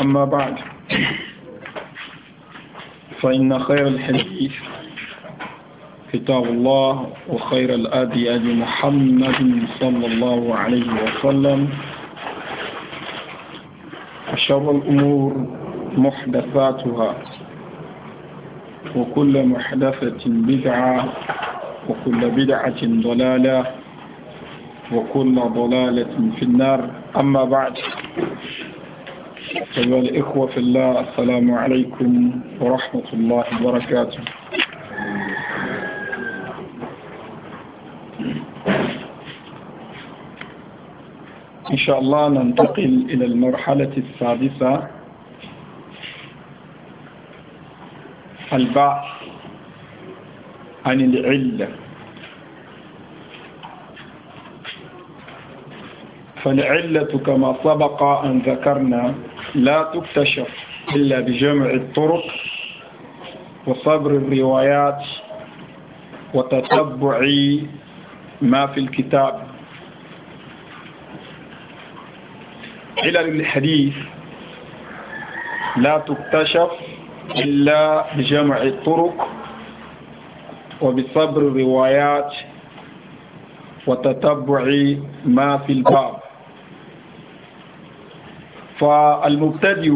أما بعد فإن خير الحديث كتاب الله وخير الأدي أدي محمد صلى الله عليه وسلم وشر الأمور محدثاتها وكل محدثة بدعة وكل بدعة ضلالة وكل ضلالة في النار أما بعد أيها الإخوة في الله السلام عليكم ورحمة الله وبركاته إن شاء الله ننتقل إلى المرحلة السادسة البعث عن العلة فالعلة كما سبق أن ذكرنا لا تكتشف إلا بجمع الطرق وصبر الروايات وتتبع ما في الكتاب علل الحديث لا تكتشف إلا بجمع الطرق وبصبر الروايات وتتبع ما في الباب فالمبتدئ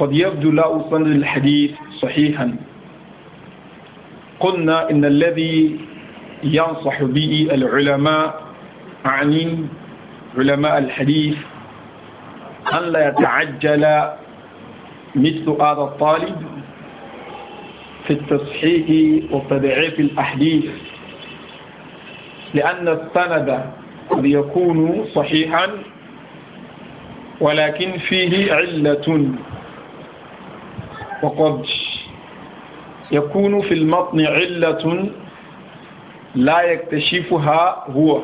قد يبدو لا سند الحديث صحيحا قلنا إن الذي ينصح به العلماء أعني علماء الحديث أن لا يتعجل مثل هذا الطالب في التصحيح وتضعيف الأحاديث لأن السند قد يكون صحيحا ولكن فيه علة وقد يكون في المطن علة لا يكتشفها هو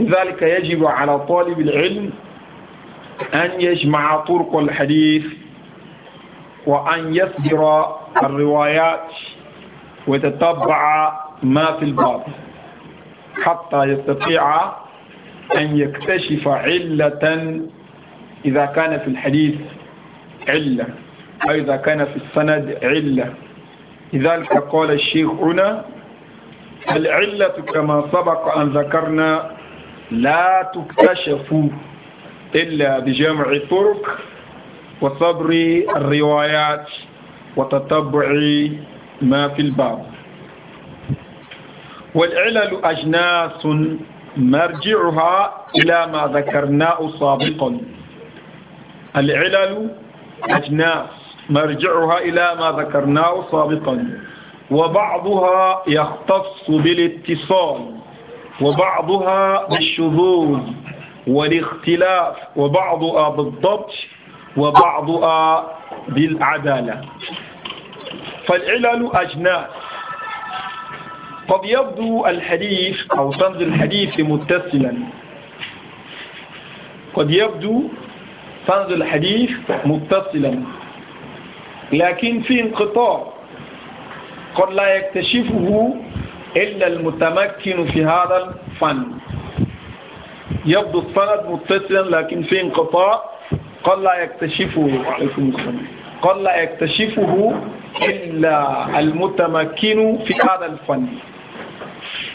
لذلك يجب على طالب العلم أن يجمع طرق الحديث وأن يصدر الروايات ويتتبع ما في الباب حتى يستطيع أن يكتشف علة إذا كان في الحديث علة أو إذا كان في السند علة لذلك قال الشيخ هنا العلة كما سبق أن ذكرنا لا تكتشف إلا بجمع الطرق وصبر الروايات وتتبع ما في الباب والعلل أجناس مرجعها إلى ما ذكرناه سابقا العلل أجناس مرجعها إلى ما ذكرناه سابقا وبعضها يختص بالاتصال وبعضها بالشذوذ والاختلاف وبعضها بالضبط وبعضها بالعدالة فالعلل أجناس قد يبدو الحديث أو تنظر الحديث متصلا قد يبدو سند الحديث متصلا لكن في انقطاع قد لا يكتشفه إلا المتمكن في هذا الفن يبدو السند متصلا لكن في انقطاع قد لا يكتشفه عليكم السلام قد لا يكتشفه إلا المتمكن في هذا الفن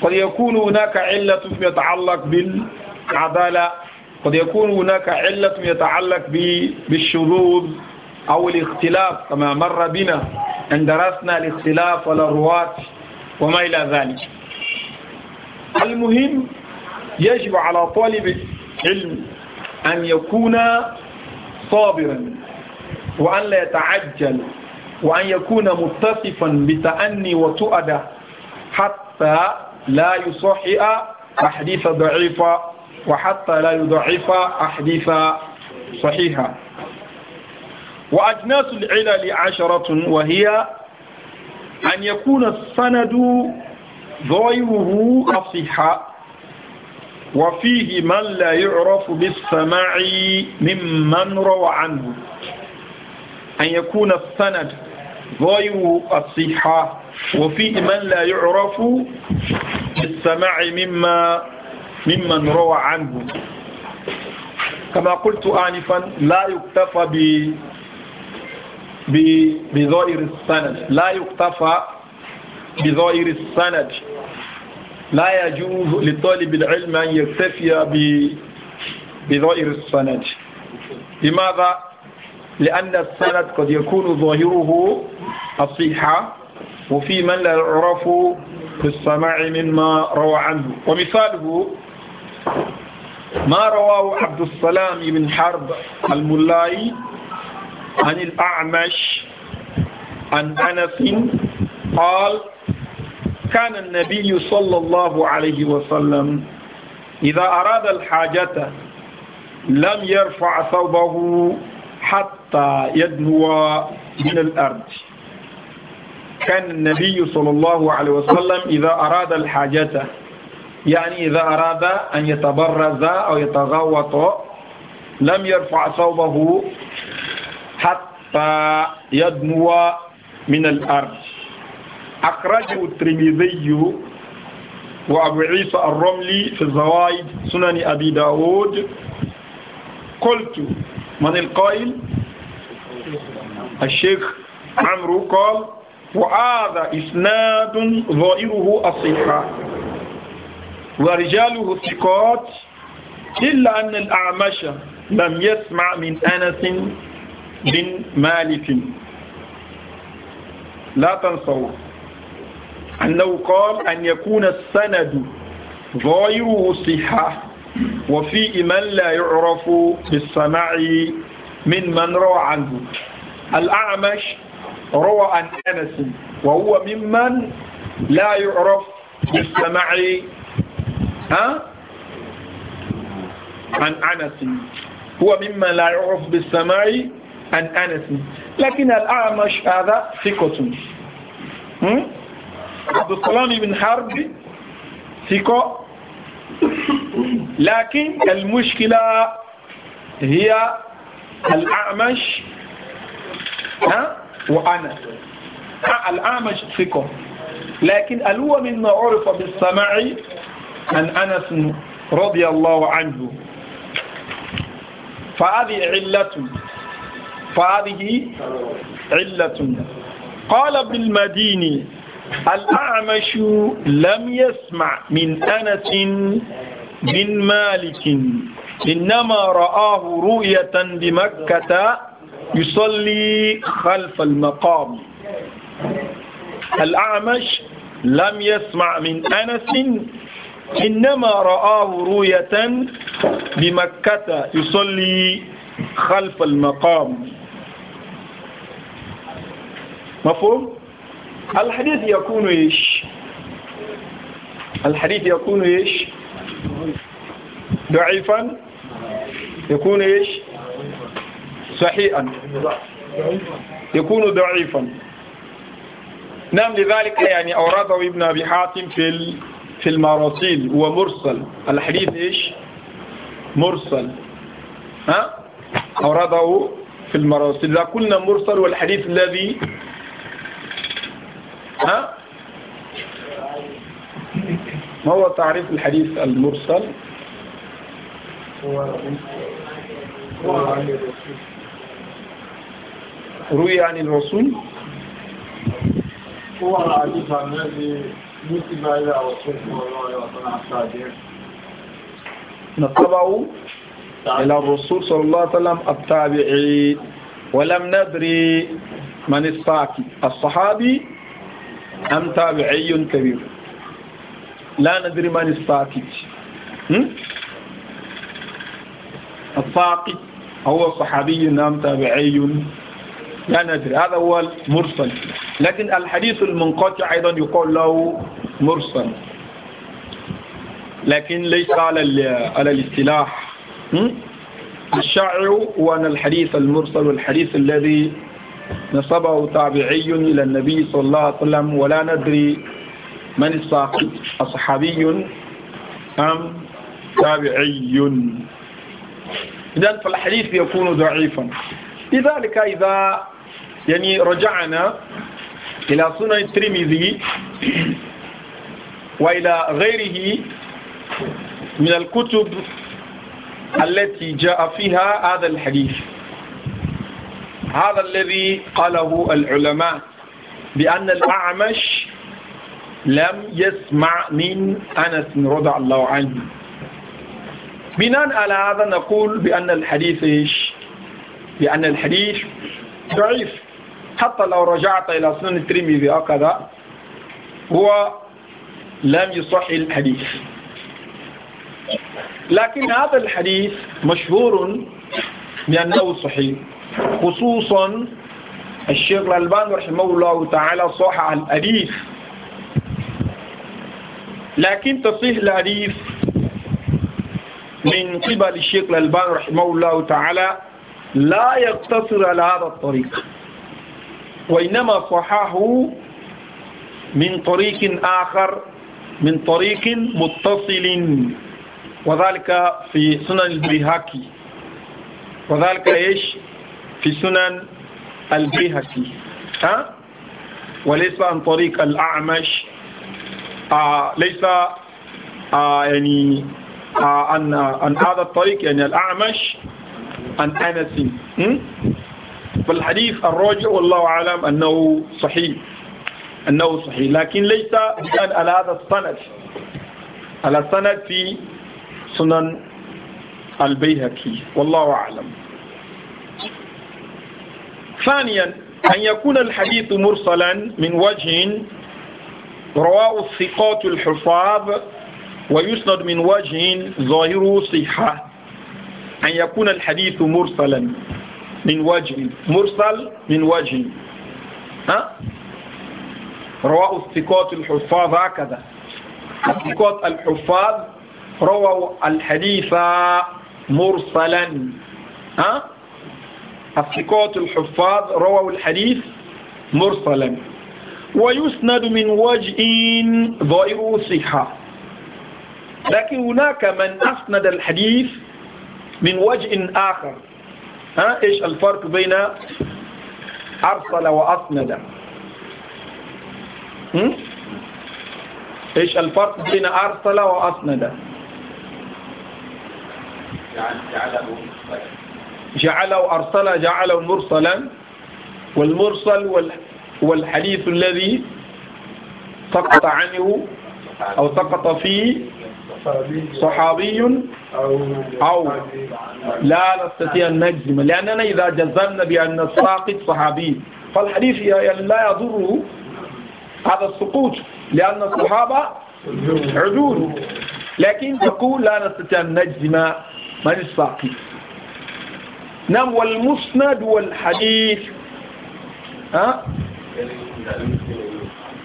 قد يكون هناك علة يتعلق بالعدالة قد يكون هناك علة يتعلق بالشذوذ أو الاختلاف كما مر بنا أن درسنا الاختلاف والرواة وما إلى ذلك المهم يجب على طالب العلم أن يكون صابرا وأن لا يتعجل وأن يكون متصفا بتأني وتؤدة حتى لا يصحئ أحاديث ضعيفة وحتى لا يضعف أحديث صحيحة وأجناس العلل عشرة وهي أن يكون السند ضيره أصحى وفيه من لا يعرف بالسماع ممن روى عنه أن يكون السند ضير الصحة وفيه من لا يعرف بالسماع مما ممن روى عنه كما قلت آنفا لا يكتفى ب بظاهر السند لا يكتفى بظاهر السند لا يجوز لطالب العلم أن يكتفي بظاهر السند لماذا؟ لأن السند قد يكون ظاهره الصحة وفي من لا يعرف في السماع مما روى عنه ومثاله ما رواه عبد السلام بن حرب الملاي عن الأعمش عن أنس قال كان النبي صلى الله عليه وسلم إذا أراد الحاجة لم يرفع ثوبه حتى يدنو من الأرض كان النبي صلى الله عليه وسلم إذا أراد الحاجة يعني إذا أراد أن يتبرز أو يتغوط لم يرفع ثوبه حتى يدنو من الأرض أخرجه الترمذي وأبو عيسى الرملي في الزوائد سنن أبي داود قلت من القائل الشيخ عمرو قال وهذا إسناد ظاهره الصحة ورجاله ثقات إلا أن الأعمش لم يسمع من أنس بن مالك لا تنسوا أنه قال أن يكون السند ظاهره الصحة وفيه من لا يعرف بالسماع من من روى عنه الأعمش روى عن أنس وهو ممن لا يعرف بالسماع ها عن أنس هو مما لا يعرف بالسماع عن أنس لكن الأعمش هذا ثقة عبد السلام بن حرب ثقة لكن المشكلة هي الأعمش ها وأنا الأعمش ثقة لكن هل هو مما عرف بالسماع عن أنس رضي الله عنه فهذه علة فهذه علة قال بالمدينة الأعمش لم يسمع من أنس من مالك إنما رآه رؤية بمكة يصلي خلف المقام الأعمش لم يسمع من أنس إنما رآه رؤية بمكة يصلي خلف المقام مفهوم؟ الحديث يكون إيش؟ الحديث يكون إيش؟ ضعيفا يكون إيش؟ صحيحا يكون ضعيفا نعم لذلك يعني أوراده ابن أبي حاتم في في المراسيل ومرسل الحديث إيش مرسل ها أورده في المراسل إذا قلنا مرسل والحديث الذي ها ما هو تعريف الحديث المرسل روي عن الرسول هو الحديث الذي نعم. نتبعوا نعم. إلى الرسول صلى الله عليه وسلم التابعين ولم ندري من الساكي الصحابي أم تابعي كبير لا ندري من الساكت الساقط هو صحابي أم تابعي لا ندري هذا هو المرسل لكن الحديث المنقطع أيضا يقال له مرسل لكن ليس على على الاصطلاح الشاعر هو أن الحديث المرسل والحديث الذي نصبه تابعي إلى النبي صلى الله عليه وسلم ولا ندري من الصحابي أصحابي أم تابعي إذا فالحديث يكون ضعيفا لذلك إذا يعني رجعنا إلى سنة الترمذي وإلى غيره من الكتب التي جاء فيها هذا الحديث هذا الذي قاله العلماء بأن الأعمش لم يسمع من أنس رضي الله عنه بناء على هذا نقول بأن الحديث إيش بأن الحديث ضعيف حتى لو رجعت إلى سنن الترمذي هكذا هو لم يصح الحديث لكن هذا الحديث مشهور بأنه صحيح خصوصا الشيخ الألباني رحمه الله تعالى عن الحديث لكن تصحيح الحديث من قبل الشيخ الألباني رحمه الله تعالى لا يقتصر على هذا الطريق وإنما صححه من طريق آخر من طريق متصل وذلك في سنن البيهقي وذلك ايش في سنن البيهقي ها وليس عن طريق الأعمش آه ليس آه يعني آه عن عن هذا الطريق يعني الأعمش عن أنس فالحديث الراجع والله أعلم أنه صحيح أنه صحيح لكن ليس الآن على هذا السند على السند في سنن البيهقي والله أعلم ثانيا أن يكون الحديث مرسلا من وجه رواه الثقات الحفاظ ويسند من وجه ظاهره صحة أن يكون الحديث مرسلا من وجه مرسل من وجه ها رواه الثقات الحفاظ هكذا الثقات الحفاظ رووا الحديث مرسلا ها الثقات الحفاظ رووا الحديث مرسلا ويسند من وجه ظاهر صحة لكن هناك من أسند الحديث من وجه آخر ها ايش الفرق بين ارسل واسند ايش الفرق بين ارسل واسند يعني جعله جعله ارسل جعله مرسلا والمرسل والحديث الذي سقط عنه او سقط فيه صحابي أو لا نستطيع أن نجزم لأننا إذا جزمنا بأن الساقط صحابي فالحديث لا يضره هذا السقوط لأن الصحابة عدول لكن تقول لا نستطيع أن نجزم من الساقط نعم والمسند والحديث ها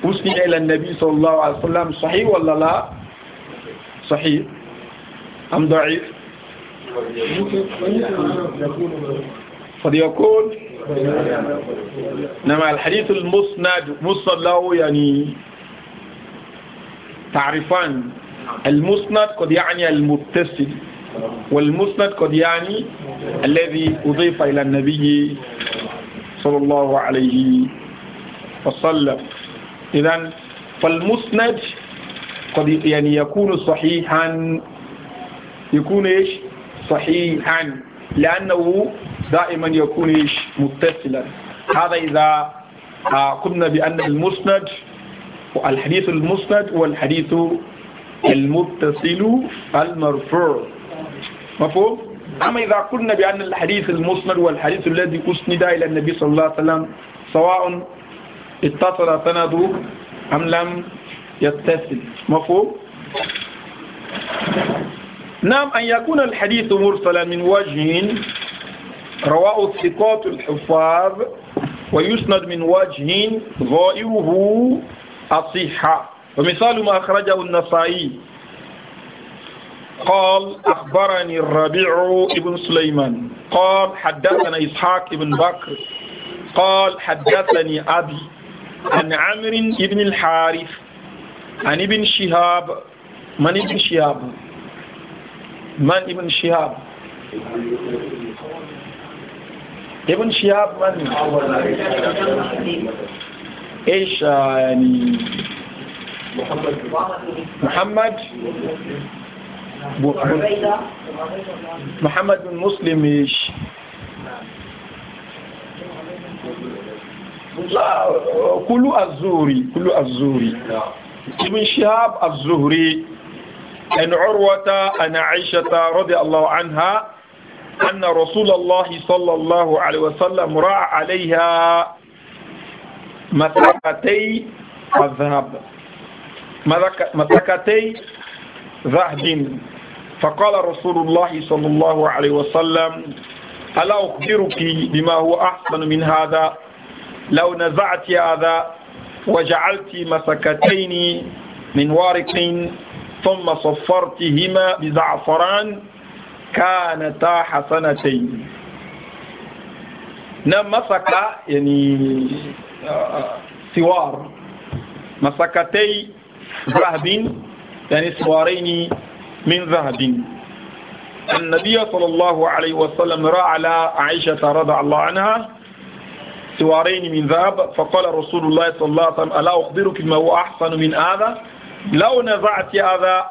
أسند إلى النبي صلى الله عليه وسلم صحيح ولا لا؟ صحيح أم ضعيف قد يكون نعم الحديث المسند مسند له يعني تعرفان المسند قد يعني المتصل والمسند قد يعني الذي أضيف إلى النبي صلى الله عليه وسلم إذا فالمسند قد يعني يكون صحيحا يكون إيش صحيحا لأنه دائما يكون إيش متصلا هذا إذا آه، قلنا بأن المسند والحديث المسند والحديث المتصل المرفوع مفهوم؟ أما إذا قلنا بأن الحديث المسند والحديث الذي أسند إلى النبي صلى الله عليه وسلم سواء اتصل سنده أم لم يغتسل مفهوم نعم أن يكون الحديث مرسلا من وجه رواه الثقات الحفاظ ويسند من وجه غائره الصحة ومثال ما أخرجه النسائي قال أخبرني الربيع بن سليمان قال حدثنا إسحاق بن بكر قال حدثني أبي عن عمرو بن الحارث عن ابن شهاب من ابن شهاب من ابن شهاب ابن شهاب من ايش يعني محمد محمد محمد بن مسلم ايش لا كل الزوري كله الزوري ابن شهاب الزهري عن عروة عن عائشة رضي الله عنها أن رسول الله صلى الله عليه وسلم رأى عليها مسكتي الذهب مسكتي ذهب فقال رسول الله صلى الله عليه وسلم ألا أخبرك بما هو أحسن من هذا لو نزعت هذا وجعلت مسكتين من ورق ثم صفرتهما بزعفران كانتا حسنتين نعم مسك يعني سوار مسكتي ذهب يعني سوارين من ذهب النبي صلى الله عليه وسلم رأى على عائشة رضي الله عنها سوارين من ذهب فقال رسول الله صلى الله عليه وسلم ألا أخبرك ما هو أحسن من هذا لو نزعت هذا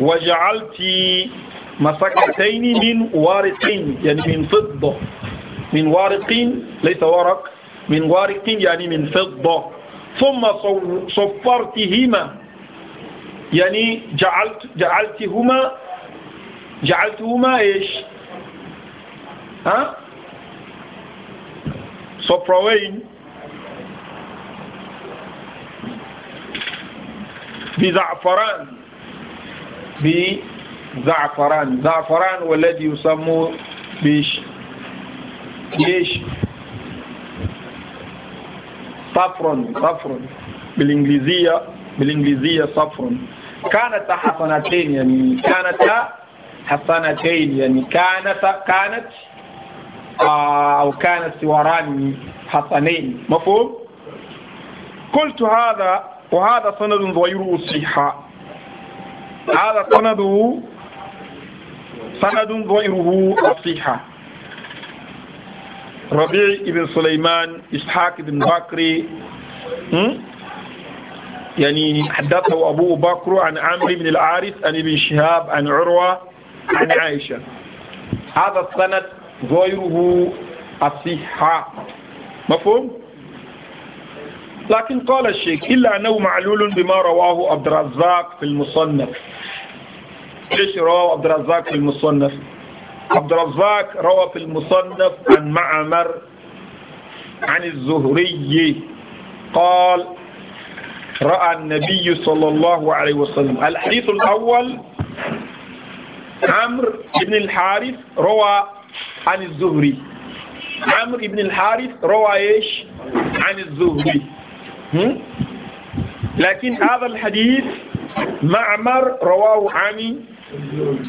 وجعلت مسكتين من وارقين يعني من فضة من وارقين ليس ورق من وارقين يعني من فضة ثم صفرتهما يعني جعلت جعلتهما جعلتهما ايش ها صفروين بزعفران بزعفران زعفران والذي يسمى بيش بيش صفرون صفرون بالإنجليزية بالإنجليزية صفرون كانت حسنتين يعني كانت حسنتين يعني كانت كانت آه، أو كان سواران حسنين مفهوم قلت هذا وهذا سند غير صحيح هذا سند سند غيره صحيح ربيع بن سليمان إسحاق بن بكر يعني حدثه أبو بكر عن عمرو بن العارث عن ابن شهاب عن عروة عن عائشة هذا السند غيره الصحة مفهوم؟ لكن قال الشيخ إلا أنه معلول بما رواه عبد الرزاق في المصنف ليش رواه عبد الرزاق في المصنف؟ عبد الرزاق روى في المصنف عن معمر عن الزهري قال رأى النبي صلى الله عليه وسلم الحديث الأول عمرو بن الحارث روى عن الزهري عمرو بن الحارث روى ايش عن الزهري لكن هذا الحديث معمر رواه عن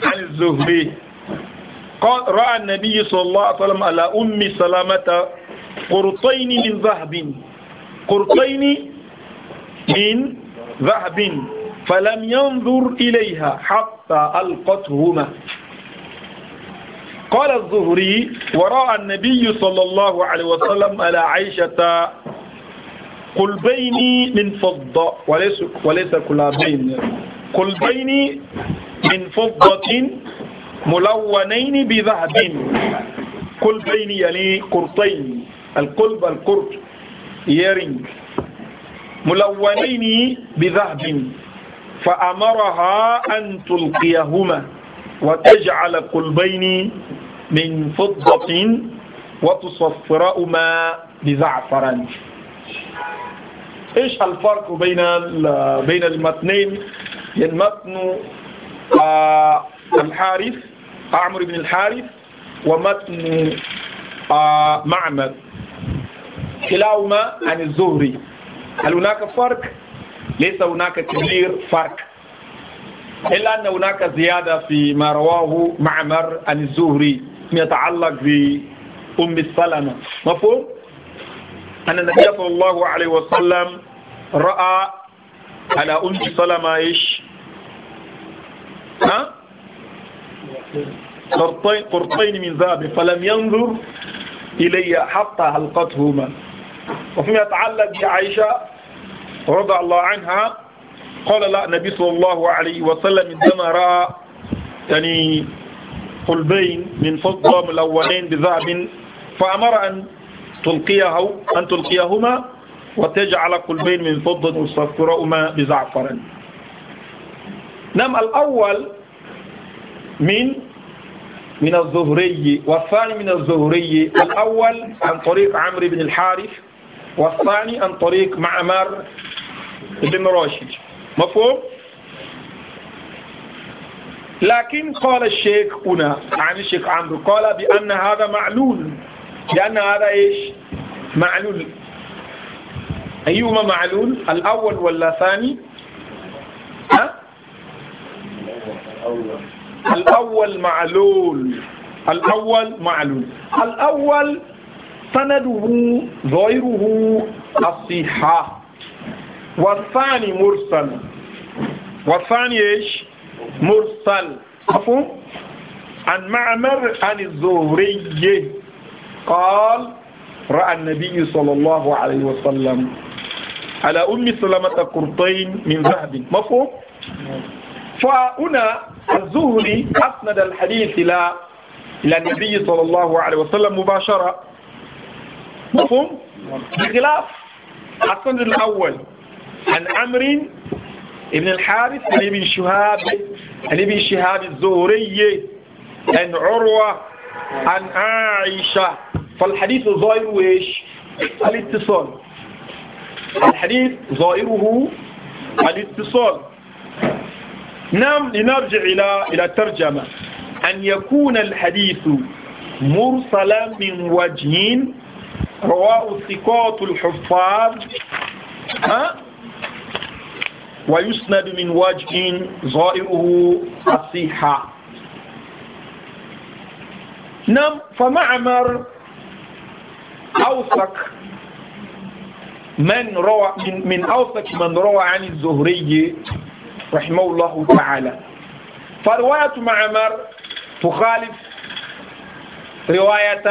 عن الزهري قال رأى النبي صلى الله عليه وسلم على أم سلامة قرطين من ذهب قرطين من ذهب فلم ينظر إليها حتى ألقتهما قال الزهري وراء النبي صلى الله عليه وسلم على عائشة قلبين من فضة وليس وليس قلبين قلبين من فضة ملونين بذهب قلبين يعني قرطين القلب القرط يرنج ملونين بذهب فأمرها أن تلقيهما وتجعل قلبين من فضة وتصفراء ما بزعفران ايش الفرق بين بين المتنين المتن آه، الحارث عمرو بن الحارث ومتن معمد آه، معمر كلاهما عن الزهري هل هناك فرق؟ ليس هناك كبير فرق إلا أن هناك زيادة في ما رواه معمر عن الزهري اسم يتعلق بأم سلمة مفهوم؟ أن النبي صلى الله عليه وسلم رأى على أم سلمة إيش؟ ها؟ قرطين قرطين من ذهب فلم ينظر إلي حتى هلقتهما وفيما يتعلق بعائشة رضي الله عنها قال لا النبي صلى الله عليه وسلم عندما رأى يعني قلبين من فضة ملونين بذهب فأمر أن تلقيه أن تلقيهما وتجعل قلبين من فضة مستفرهما بزعفر نعم الأول من من الزهري والثاني من الزهري الأول عن طريق عمرو بن الحارث والثاني عن طريق معمر بن راشد مفهوم؟ لكن قال الشيخ هنا عن يعني الشيخ عمرو قال بأن هذا معلول لأن هذا إيش معلول أيهما معلول الأول ولا الثاني ها الأول معلول الأول معلول الأول سنده ظاهره الصحة والثاني مرسل والثاني إيش مرسل عفوا عن معمر عن الزهري قال رأى النبي صلى الله عليه وسلم على أم سلمة قرطين من ذهب مفهوم فهنا الزهري أسند الحديث إلى إلى النبي صلى الله عليه وسلم مباشرة مفهوم بخلاف السند الأول عن عمرو ابن الحارث عن ابن شهاب عن ابن شهاب الزهري عن عروة عن عائشة فالحديث ظاهر ايش الاتصال الحديث ظاهره الاتصال نعم لنرجع إلى إلى الترجمة أن يكون الحديث مرسلا من وجه رواه الثقات الحفاظ ها ويسند من وجه ظاهره الصحة نعم فمعمر أوثق من روى من, من أوثق من روى عن الزهري رحمه الله تعالى فرواية معمر تخالف رواية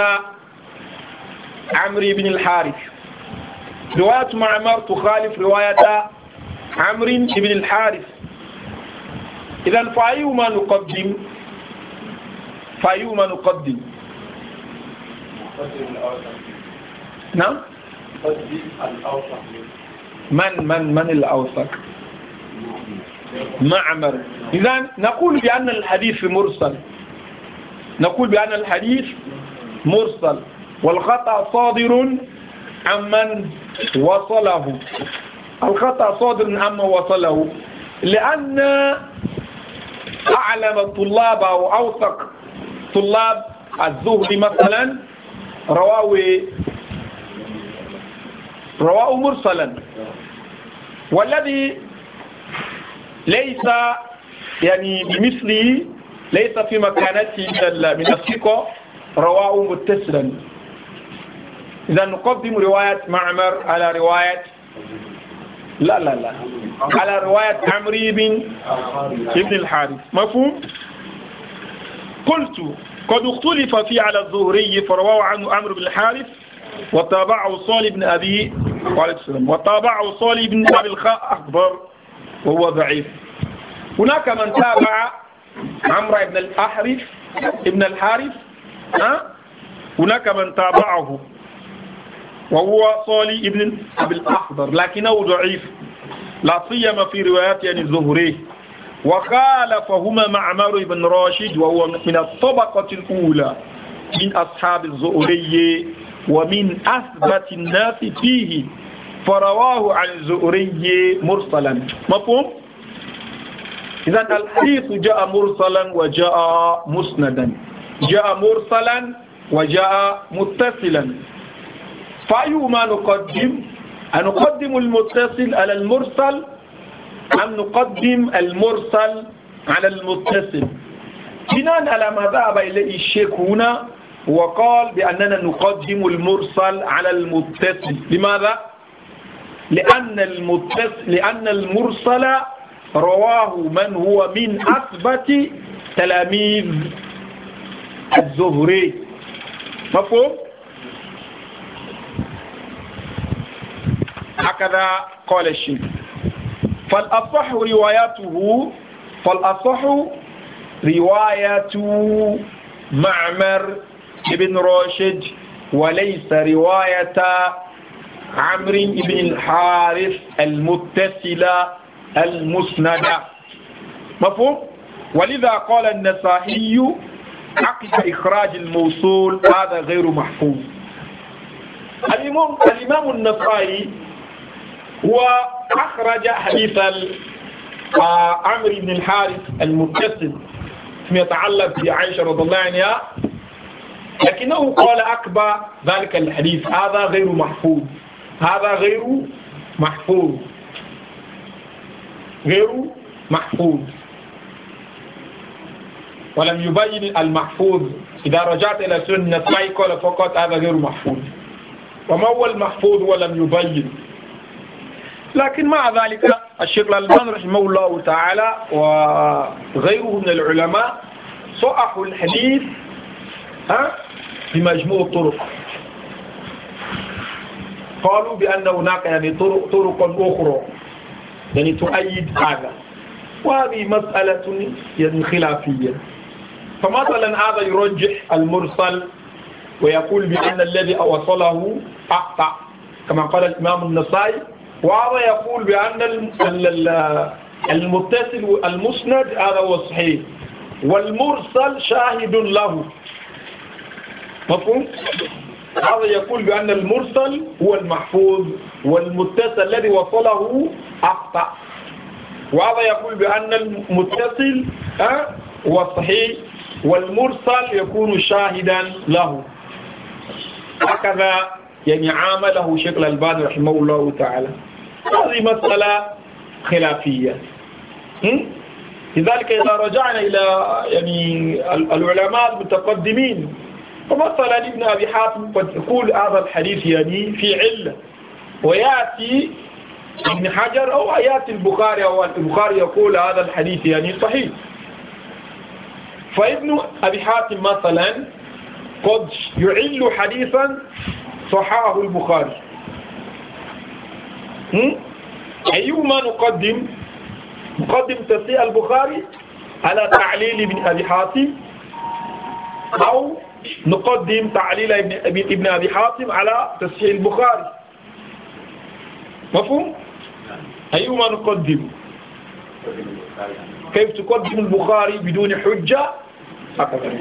عمرو بن الحارث رواية معمر تخالف رواية عمرو بن الحارث إذا فأيما نقدم فأيما نقدم نعم من من من الأوثق معمر إذا نقول بأن الحديث مرسل نقول بأن الحديث مرسل والخطأ صادر عمن وصله الخطأ صادر عما وصله لأن أعلم الطلاب أو أوثق طلاب الزهد مثلا رواه رواه مرسلا والذي ليس يعني بمثله ليس في مكانته من من الثقة رواه متسلا إذا نقدم رواية معمر على رواية لا لا لا على رواية عمري بن ابن الحارث مفهوم قلت قد اختلف في على الظهري فرواه عنه عمرو بن الحارث وتابعه صالح بن أبي وعليه السلام وتابعه صالح بن أبي الخاء أكبر وهو ضعيف هناك من تابع عمرو بن الأحرف ابن الحارث ها هناك من تابعه وهو صالي ابن أبي الأخضر لكنه ضعيف لا سيما في روايات عن يعني الزهري وخالفهما معمر بن راشد وهو من الطبقة الأولى من أصحاب الزهري ومن أثبت الناس فيه فرواه عن الزهري مرسلا مفهوم؟ إذا الحديث جاء مرسلا وجاء مسندا جاء مرسلا وجاء متصلا ما نقدم أنقدم المتصل على المرسل أم نقدم المرسل على المتصل بناء على ما ذهب إليه الشيخ هنا وقال بأننا نقدم المرسل على المتصل لماذا؟ لأن المتصل لأن المرسل رواه من هو من أثبت تلاميذ الزهري مفهوم؟ هكذا قال الشيخ فالأصح روايته فالأصح رواية معمر ابن راشد وليس رواية عمرو بن الحارث المتصلة المسندة مفهوم؟ ولذا قال النسائي عقد إخراج الموصول هذا غير محفوظ الإمام الإمام النسائي وأخرج حديث آه، عمرو بن الحارث المبتسم فيما يتعلق بعائشة رضي الله عنها لكنه قال أكبر ذلك الحديث هذا غير محفوظ هذا غير محفوظ غير محفوظ ولم يبين المحفوظ إذا رجعت إلى سنة ما يقول فقط هذا غير محفوظ وما هو المحفوظ ولم يبين لكن مع ذلك الشيخ الألبان رحمه الله تعالى وغيره من العلماء صححوا الحديث ها بمجموع الطرق قالوا بأن هناك يعني طرق, طرق أخرى يعني تؤيد هذا وهذه مسألة يعني خلافية فمثلا هذا يرجح المرسل ويقول بأن الذي أوصله أخطأ كما قال الإمام النصائي وهذا يقول بأن المتصل المسند هذا هو الصحيح والمرسل شاهد له مفهوم؟ هذا يقول بأن المرسل هو المحفوظ والمتصل الذي وصله أخطأ وهذا يقول بأن المتصل هو الصحيح والمرسل يكون شاهدا له هكذا يعني عامله شيخ الألباني رحمه الله تعالى هذه مسألة خلافية لذلك إذا رجعنا إلى يعني العلماء المتقدمين فمثلا ابن أبي حاتم قد يقول هذا الحديث يعني في علة ويأتي ابن حجر أو يأتي البخاري أو البخاري يقول هذا الحديث يعني صحيح فابن أبي حاتم مثلا قد يعل حديثا صحاه البخاري أيهما نقدم نقدم تصحيح البخاري على تعليل ابن أبي حاتم أو نقدم تعليل ابن أبي, ابن أبي حاتم على تصحيح البخاري مفهوم؟ أيهما نقدم كيف تقدم البخاري بدون حجة هكذا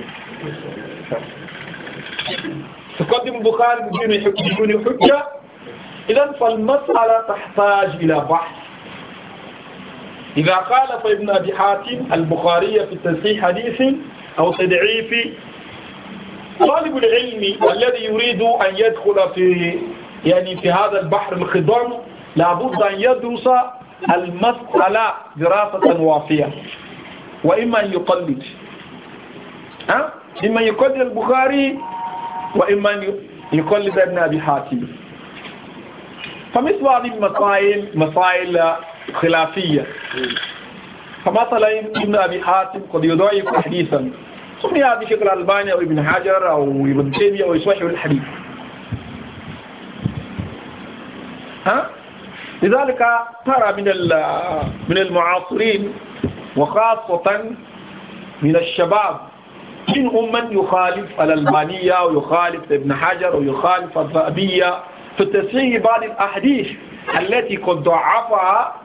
تقدم البخاري بدون حجة إذا فالمسألة تحتاج إلى بحث إذا خالف ابن أبي حاتم البخاري في تصحيح حديث أو تدعيف طالب العلم الذي يريد أن يدخل في يعني في هذا البحر الخضام لابد أن يدرس المسألة دراسة وافية وإما أن يقلد ها؟ إما يقلد البخاري وإما أن يقلد ابن أبي حاتم فمثل هذه المسائل مسائل خلافية فمثلا ابن أبي حاتم قد يضعف حديثا سمي هذه شكل الباني أو ابن حجر أو ابن تيمية أو يصحح الحديث ها لذلك ترى من من المعاصرين وخاصة من الشباب منهم من يخالف الألبانية ويخالف ابن حجر ويخالف الذهبية في تصحيح بعض الأحاديث التي قد ضعفها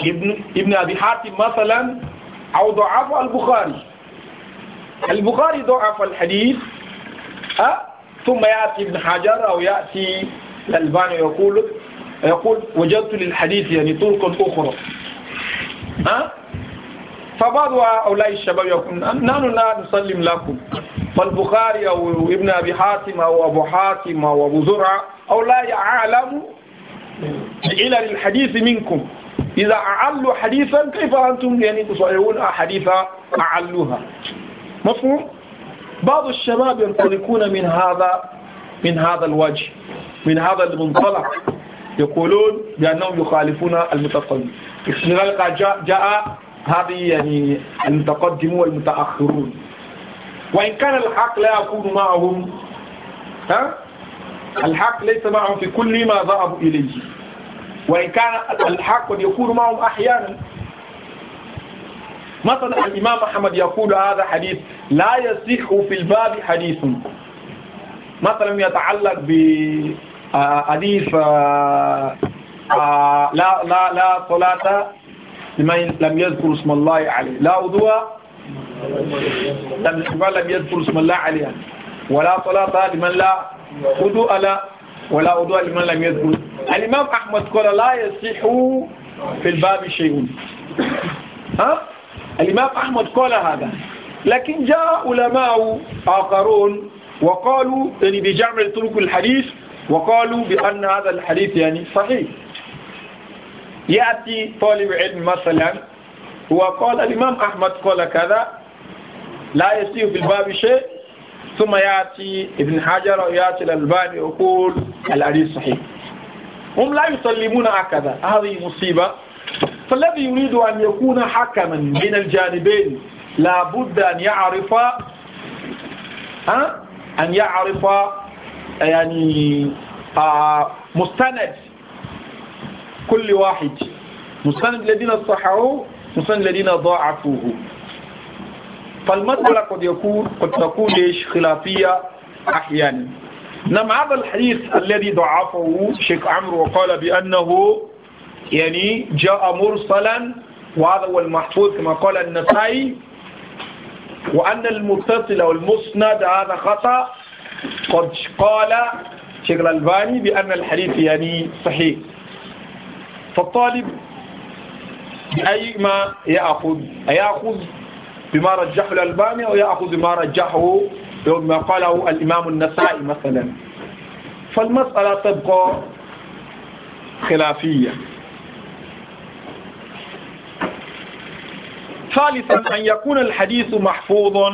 ابن ابن أبي حاتم مثلا أو ضعفها البخاري البخاري ضعف الحديث أه؟ ثم يأتي ابن حجر أو يأتي الألباني يقول يقول وجدت للحديث يعني طرق أخرى ها أه؟ فبعض هؤلاء الشباب يقول نحن لا نسلم لكم فالبخاري أو ابن أبي حاتم أو أبو حاتم أو أبو زرعة أو لا يعلم إلى الحديث منكم إذا أعلوا حديثا كيف أنتم يعني تصححون أحاديث أعلوها مفهوم؟ بعض الشباب ينطلقون من هذا من هذا الوجه من هذا المنطلق يقولون بأنهم يخالفون المتصل لذلك جاء, جاء هذه يعني المتقدمون والمتأخرون وإن كان الحق لا يكون معهم ها الحق ليس معهم في كل ما ذهبوا إليه وإن كان الحق قد يكون معهم أحيانا مثلا الإمام أحمد يقول هذا حديث لا يصح في الباب حديث مثلا يتعلق آه، حديث آه، آه، لا لا لا صلاة لمن لم يذكر اسم الله عليه لا وضوء لمن لم يذكر اسم الله عليها ولا صلاة لمن لا وضوء له ولا وضوء لمن لم يذكر الإمام أحمد قال لا يصح في الباب شيء ها الإمام أحمد قال هذا لكن جاء علماء آخرون وقالوا يعني بجمع طرق الحديث وقالوا بأن هذا الحديث يعني صحيح يأتي طالب علم مثلا وقال الإمام أحمد قال كذا لا يستيه في الباب شيء ثم يأتي ابن حجر ويأتي الألباني ويقول الحديث صحيح هم لا يسلمون هكذا هذه مصيبة فالذي يريد أن يكون حكما من الجانبين لابد أن يعرف ها أن يعرف يعني آه، مستند كل واحد مسند الذين صححوا مسند الذين ضاعفوه فالمسألة قد يكون قد تكون ليش خلافية أحيانا نعم هذا الحديث الذي ضعفه شيخ عمرو وقال بأنه يعني جاء مرسلا وهذا هو المحفوظ كما قال النسائي وأن المتصل والمسند هذا خطأ قد قال شيخ الألباني بأن الحديث يعني صحيح فالطالب بأي ما يأخذ يأخذ بما رجحه الألباني أو يأخذ بما رجحه بما قاله الإمام النسائي مثلا فالمسألة تبقى خلافية ثالثا أن يكون الحديث محفوظا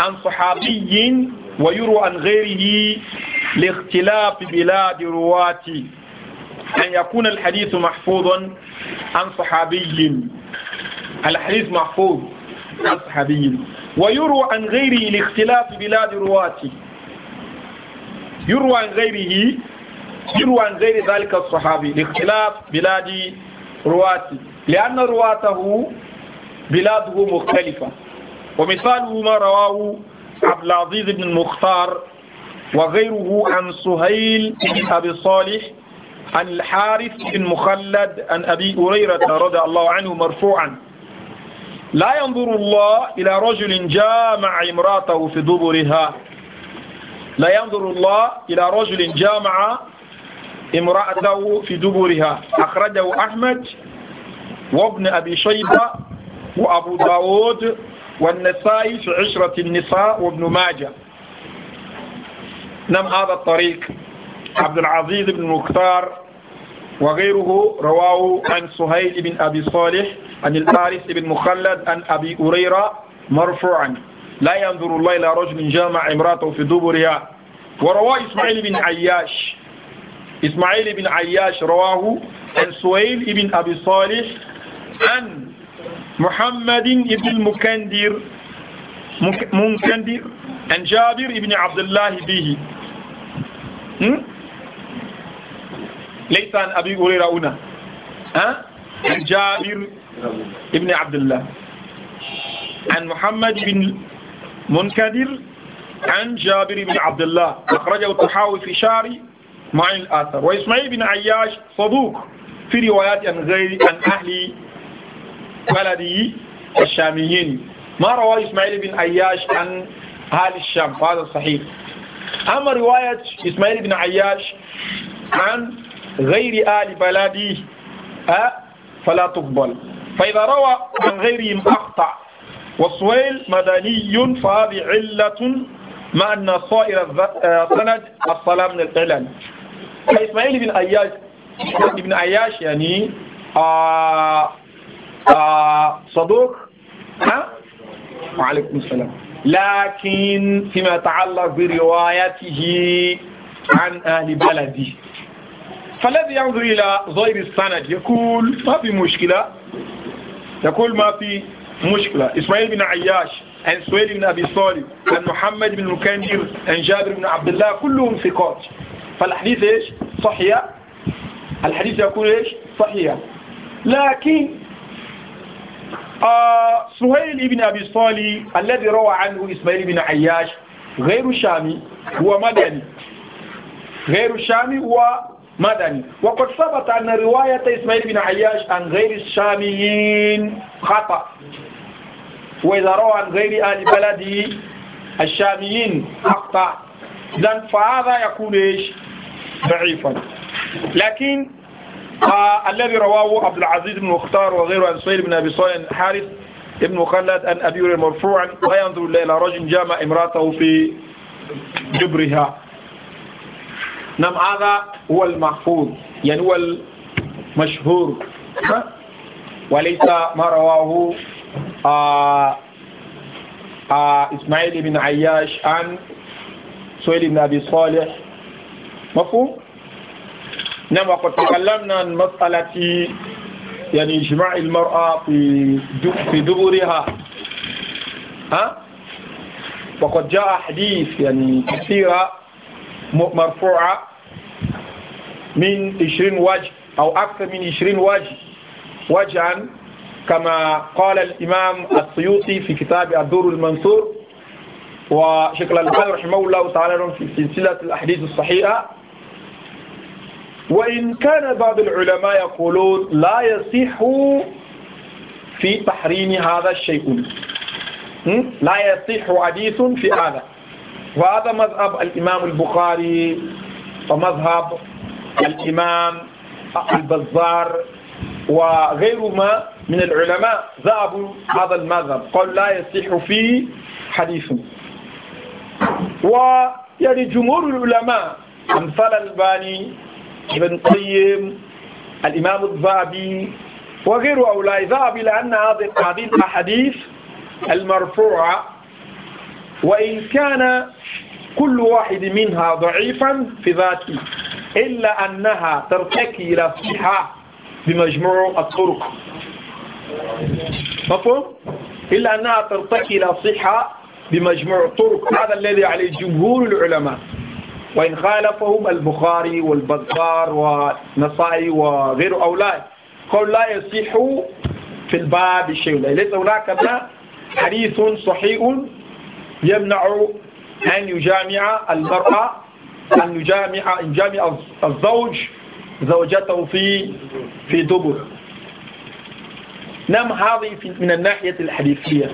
عن صحابي ويروى عن غيره لاختلاف بلاد رواته أن يكون الحديث محفوظا عن صحابي الحديث محفوظ عن صحابي ويروى عن غيره لاختلاف بلاد رواته يروى عن غيره يروى عن غير ذلك الصحابي لاختلاف بلاد رواته لأن رواته بلاده مختلفة ومثاله ما رواه عبد العزيز بن المختار وغيره عن سهيل بن أبي صالح عن الحارث بن مخلد عن أبي هريرة رضي الله عنه مرفوعا لا ينظر الله إلى رجل جامع امرأته في دبرها لا ينظر الله إلى رجل جامع امرأته في دبرها أخرجه أحمد وابن أبي شيبة وأبو داود والنسائي في عشرة النساء وابن ماجه نم هذا الطريق عبد العزيز بن مختار وغيره رواه عن سهيل بن أبي صالح عن الحارث بن مخلد عن أبي هريرة مرفوعا لا ينظر الله إلى رجل جامع امرأته في دبرها ورواه إسماعيل بن عياش إسماعيل بن عياش رواه عن سهيل بن أبي صالح عن محمد بن المكندر منكندر عن جابر بن عبد الله به ليس عن أبي هريرة هنا ها عن جابر ابن عبد الله عن محمد بن منكدر عن جابر بن عبد الله أخرجه الطحاوي في شعر معين الآثر وإسماعيل بن عياش صدوق في روايات عن غير عن أهل بلده الشاميين ما روى إسماعيل بن عياش عن أهل الشام هذا صحيح أما رواية إسماعيل بن عياش عن غير آل بلدي ها فلا تقبل فإذا روى عن غيرهم أخطع والسويل مدني فهذه علة مع أن صائر السند آه، الصلاة من الإعلان فإسماعيل بن أياش ابن أياش يعني آه آه صدوق ها وعليكم السلام لكن فيما يتعلق بروايته عن أهل بلده فالذي ينظر إلى ظاهر السند يقول ما في مشكلة يقول ما في مشكلة إسماعيل بن عياش عن سويل بن أبي صالح عن محمد بن مكندر عن جابر بن عبد الله كلهم ثقات فالحديث إيش صحيح الحديث يقول إيش صحيح لكن آه سهيل بن أبي صالح الذي روى عنه إسماعيل بن عياش غير شامي هو مدني غير شامي هو مدني وقد ثبت أن رواية إسماعيل بن عياش عن غير الشاميين خطأ وإذا روى عن غير أهل بلده الشاميين أخطأ إذن فهذا يكون إيش ضعيفا لكن آه الذي رواه عبد العزيز بن مختار وغيره عن سهيل بن أبي صالح حارث ابن مخلد أن أبي مرفوعا لا ينظر إلى رجل جامع امرأته في جبرها نعم هذا هو المحفوظ يعني هو المشهور وليس ما رواه آه، آه، إسماعيل بن عياش عن سويل بن أبي صالح مفهوم؟ نعم وقد تكلمنا عن مسألة يعني إجماع المرأة في في دبرها ها؟ وقد جاء حديث يعني كثيرة مرفوعة من 20 وجه أو أكثر من 20 وجه وجها كما قال الإمام السيوطي في كتاب الدور المنصور وشكل الألباني رحمه الله تعالى في سلسلة الأحاديث الصحيحة وإن كان بعض العلماء يقولون لا يصح في تحريم هذا الشيء لا يصح حديث في هذا وهذا مذهب الإمام البخاري ومذهب الإمام البزار وغيرهما من العلماء ذهبوا هذا المذهب قال لا يصح فيه حديث ويعني جمهور العلماء أمثال الباني ابن قيم الإمام الذهبي وغير أولئك ذهب إلى أن هذه الأحاديث المرفوعة وإن كان كل واحد منها ضعيفا في ذاته إلا أنها ترتكي إلى صحة بمجموع الطرق مفهوم؟ إلا أنها ترتكي إلى صحة بمجموع الطرق هذا الذي عليه جمهور العلماء وإن خالفهم البخاري والبزار والنصائي وغير أولئك قول لا يصح في الباب شيء ليس هناك حديث صحيح يمنع أن يجامع المرأة أن يجامع, أن يجامع الزوج زوجته في في دبر نعم هذه من الناحية الحديثية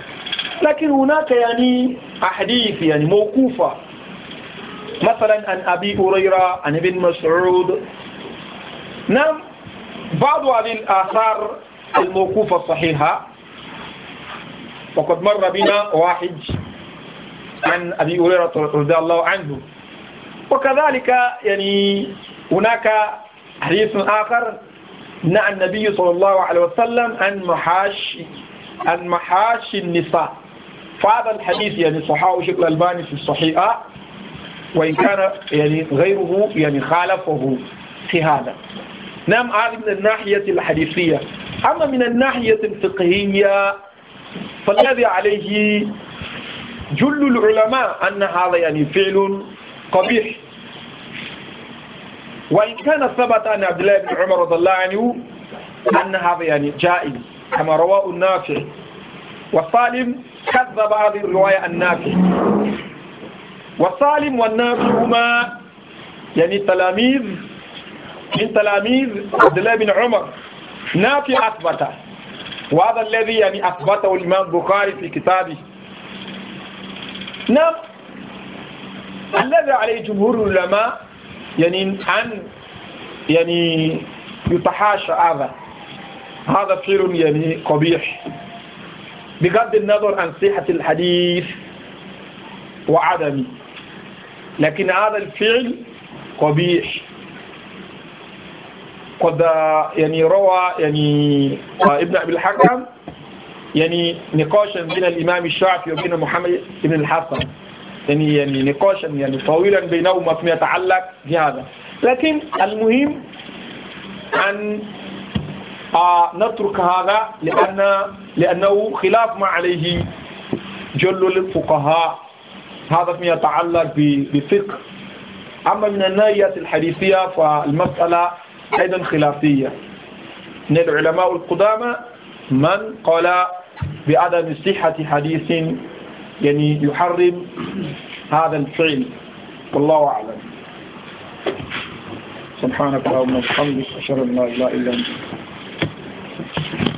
لكن هناك يعني أحاديث يعني موقوفة مثلا عن أبي هريرة عن ابن مسعود نعم بعض هذه الآثار الموقوفة الصحيحة وقد مر بنا واحد عن أبي هريرة رضي الله عنه وكذلك يعني هناك حديث آخر نعى النبي صلى الله عليه وسلم عن محاشي عن محاشي النساء فهذا الحديث يعني صححه شكل الألباني في الصحيحة وإن كان يعني غيره يعني خالفه في هذا نعم هذا من الناحية الحديثية أما من الناحية الفقهية فالذي عليه جل العلماء أن هذا يعني فعل قبيح وإن كان ثبت أن عبد الله بن عمر رضي الله عنه أن هذا يعني جائز كما رواه النافع وسالم كذب هذه الرواية النافع وسالم والنافع هما يعني تلاميذ من تلاميذ عبد الله بن عمر نافع أثبته وهذا الذي يعني أثبته الإمام البخاري في كتابه نعم الذي عليه جمهور العلماء يعني أن يعني يتحاشى هذا هذا فعل يعني قبيح بغض النظر عن صحة الحديث وعدمه لكن هذا الفعل قبيح قد يعني روى يعني آه، ابن أبي الحكم يعني نقاشا بين الإمام الشافعي وبين محمد بن الحسن يعني يعني نقاشا يعني طويلا بينهما فيما يتعلق بهذا لكن المهم أن آه نترك هذا لأن لأنه خلاف ما عليه جل الفقهاء هذا فيما يتعلق بفقه أما من الناحية الحديثية فالمسألة أيضا خلافية من العلماء القدامى من قال بعدم صحة حديث يعني يحرم هذا الفعل والله أعلم سبحانك اللهم وبحمدك أشهد أن لا إله إلا أنت